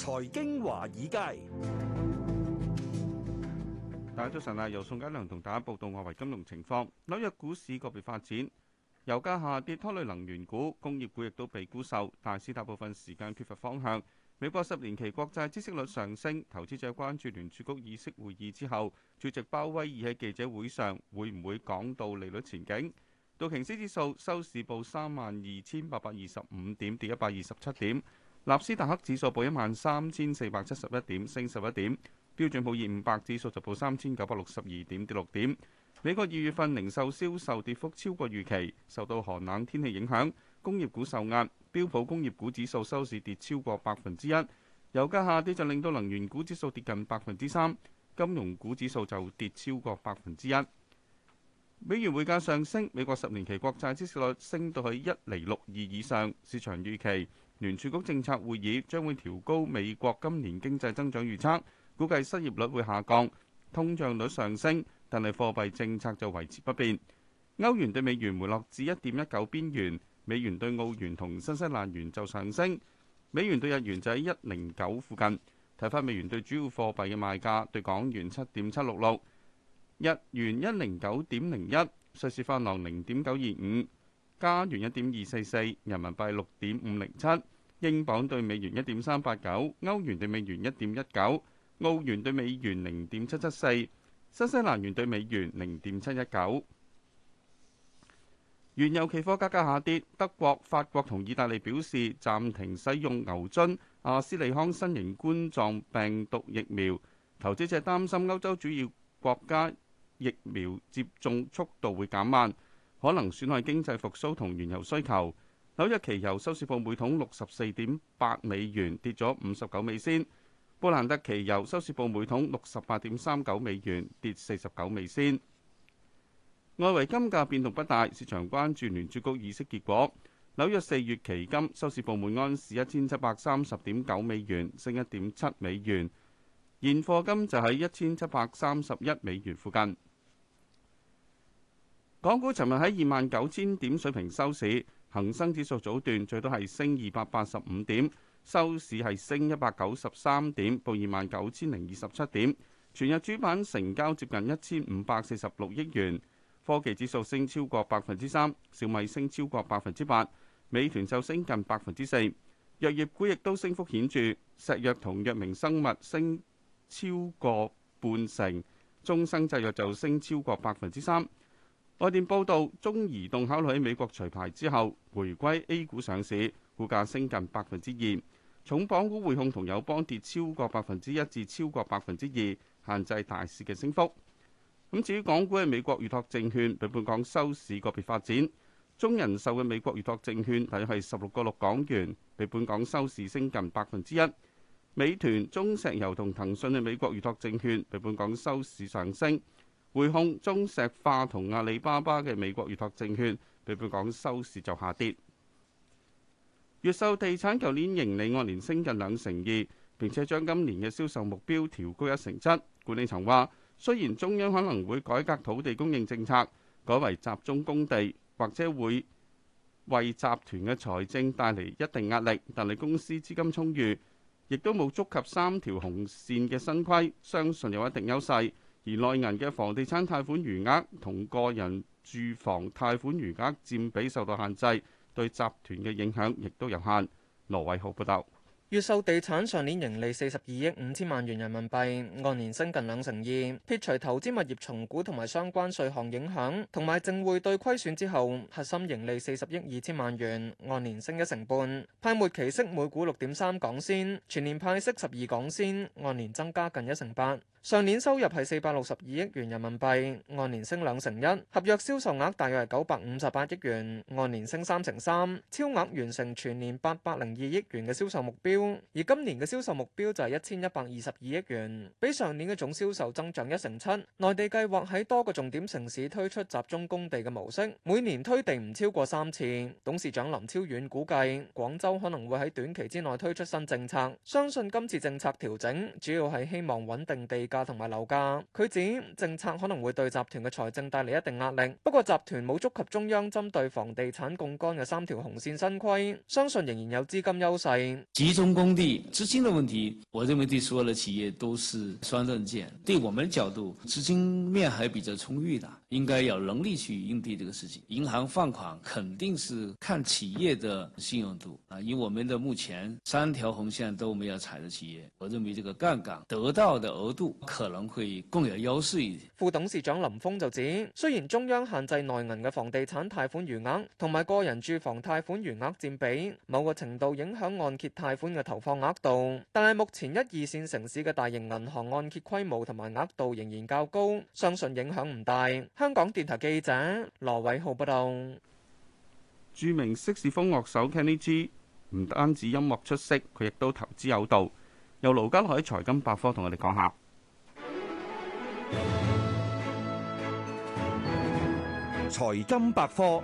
財經華爾街，大家早晨啊！由宋嘉良同大家報道外圍金融情況。紐約股市個別發展，油價下跌拖累能源股，工業股亦都被沽售，大市大部分時間缺乏方向。美國十年期國債孳息率上升，投資者關注聯儲局議息會議之後，主席鮑威爾喺記者會上會唔會講到利率前景？道瓊斯指數收市報三萬二千八百二十五點，跌一百二十七點。納斯達克指數報一萬三千四百七十一點，升十一點。標準普爾五百指數就報三千九百六十二點，跌六點。美國二月份零售銷售銷售跌幅超過預期，受到寒冷天氣影響，工業股受壓，標普工業股指數收市跌超過百分之一。油價下跌就令到能源股指數跌近百分之三，金融股指數就跌超過百分之一。美元匯價上升，美國十年期國債孳息率升到去一厘六二以上，市場預期。聯儲局政策會議將會調高美國今年經濟增長預測，估計失業率會下降，通脹率上升，但係貨幣政策就維持不變。歐元對美元回落至一點一九邊緣，美元對澳元同新西蘭元就上升，美元對日元就喺一零九附近。睇返美元對主要貨幣嘅賣價，對港元七點七六六，日元一零九點零一，瑞士法郎零點九二五，加元一點二四四，人民幣六點五零七。英鎊對美元一點三八九，歐元對美元一點一九，澳元對美元零點七七四，新西蘭元對美元零點七一九。原油期貨價格下跌，德國、法國同意大利表示暫停使用牛津阿斯利康新型冠狀病毒疫苗，投資者擔心歐洲主要國家疫苗接種速度會減慢，可能損害經濟復蘇同原油需求。紐約期油收市報每桶六十四點八美元，跌咗五十九美仙。布蘭特期油收市報每桶六十八點三九美元，跌四十九美仙。外圍金價變動不大，市場關注聯儲局議息結果。紐約四月期金收市報每安士一千七百三十點九美元，升一點七美元。現貨金就喺一千七百三十一美元附近。港股尋日喺二萬九千點水平收市，恒生指數早段最多係升二百八十五點，收市係升一百九十三點，報二萬九千零二十七點。全日主板成交接近一千五百四十六億元，科技指數升超過百分之三，小米升超過百分之八，美團就升近百分之四，藥業股亦都升幅顯著，石藥同藥明生物升超過半成，中生製藥就升超過百分之三。外電報道，中移動考慮喺美國除牌之後回歸 A 股上市，股價升近百分之二。重磅股匯控同友邦跌超過百分之一至超過百分之二，限制大市嘅升幅。咁至於港股嘅美國預託證券，比本港收市個別發展。中人壽嘅美國預託證券大約係十六個六港元，比本港收市升近百分之一。美團、中石油同騰訊嘅美國預託證券，比本港收市上升。匯控、中石化、同阿里巴巴嘅美國預託證券，比港股收市就下跌。越秀地產舊年盈利按年升近兩成二，並且將今年嘅銷售目標調高一成七。管理層話，雖然中央可能會改革土地供應政策，改為集中供地，或者會為集團嘅財政帶嚟一定壓力，但係公司資金充裕，亦都冇觸及三條紅線嘅新規，相信有一定優勢。而內銀嘅房地產貸款餘額同個人住房貸款餘額佔比受到限制，對集團嘅影響亦都有限。羅偉浩報道，越秀地產上年盈利四十二億五千萬元人民幣，按年升近兩成二。撇除投資物業重估同埋相關稅項影響，同埋淨匯兌虧損之後，核心盈利四十億二千萬元，按年升一成半。派末期息每股六點三港仙，全年派息十二港仙，按年增加近一成八。上年收入係四百六十二億元人民幣，按年升兩成一；合約銷售額大約係九百五十八億元，按年升三成三，超額完成全年八百零二億元嘅銷售目標。而今年嘅銷售目標就係一千一百二十二億元，比上年嘅總銷售增長一成七。內地計劃喺多個重點城市推出集中供地嘅模式，每年推地唔超過三次。董事長林超遠估計，廣州可能會喺短期之內推出新政策，相信今次政策調整主要係希望穩定地價同埋樓價，佢指政策可能會對集團嘅財政帶嚟一定壓力。不過集團冇觸及中央針對房地產槓桿嘅三條紅線新規，相信仍然有資金優勢。集中工地資金的問題，我認為對所有的企業都是雙刃劍。對我們角度，資金面還比較充裕的，應該有能力去應對呢個事情。銀行放款肯定是看企業的信用度啊。以我們的目前三條紅線都沒有踩的企業，我認為這個槓桿得到的額度。可能會更有優勢。副董事長林峰就指，雖然中央限制內銀嘅房地產貸款餘額同埋個人住房貸款餘額占比某個程度影響按揭貸款嘅投放額度，但係目前一二線城市嘅大型銀行按揭規模同埋額度仍然較高，相信影響唔大。香港電台記者羅偉浩報道，著名色士風樂手 Kenny G 唔單止音樂出色，佢亦都投資有道。由盧家海財金百科同我哋講下。財金百科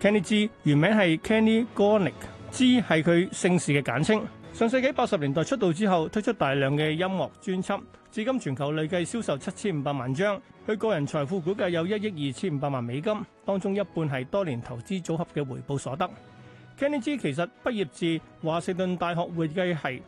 Kenny G 原名係 Kenny Gornick G 係佢姓氏嘅簡稱。上世紀八十年代出道之後，推出大量嘅音樂專輯，至今全球累計銷售七千五百萬張。佢個人財富估計有一億二千五百萬美金，當中一半係多年投資組合嘅回報所得。Kenny G 其實畢業自華盛頓大學會計係，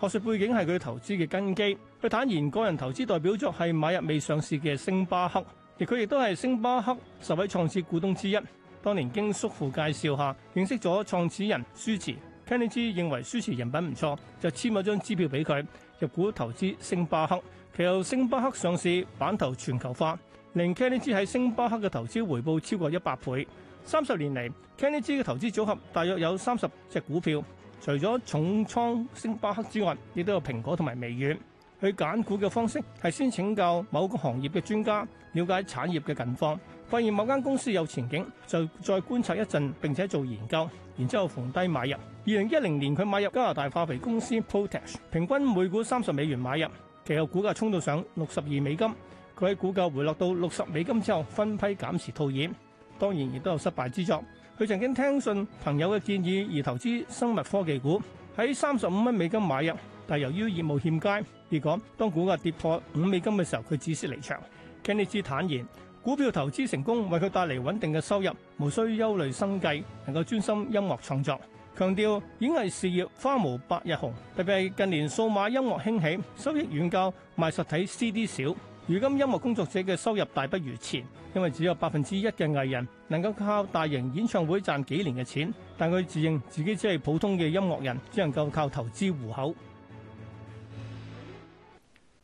學術背景係佢投資嘅根基。佢坦言個人投資代表作係買入未上市嘅星巴克，而佢亦都係星巴克十位創始股東之一。當年經叔父介紹下認識咗創始人舒慈 Kenny 認為舒慈人品唔錯，就簽咗張支票俾佢入股投資星巴克。其後星巴克上市，版圖全球化，令 Kenny 喺星巴克嘅投資回報超過一百倍。三十年嚟 Kenny 嘅投資組合大約有三十隻股票，除咗重倉星巴克之外，亦都有蘋果同埋微軟。佢揀股嘅方式係先請教某個行業嘅專家，了解產業嘅近況，發現某間公司有前景，就再觀察一陣並且做研究，然之後逢低買入。二零一零年佢買入加拿大化肥公司 Potash，平均每股三十美元買入，其後股價衝到上六十二美金。佢喺股價回落到六十美金之後分批減持套現，當然亦都有失敗之作。佢曾經聽信朋友嘅建議而投資生物科技股，喺三十五蚊美金買入。但由於業務欠佳而，結果當股價跌破五美金嘅時候，佢只識離場。肯尼斯坦言，股票投資成功為佢帶嚟穩定嘅收入，無需憂慮生計，能夠專心音樂創作。強調演藝事業花無百日紅，特別係近年數碼音樂興起，收益遠較賣實體 CD 少。如今音樂工作者嘅收入大不如前，因為只有百分之一嘅藝人能夠靠大型演唱會賺幾年嘅錢。但佢自認自己只係普通嘅音樂人，只能夠靠投資糊口。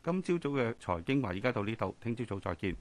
今朝早嘅財經話而家到呢度，聽朝早再見。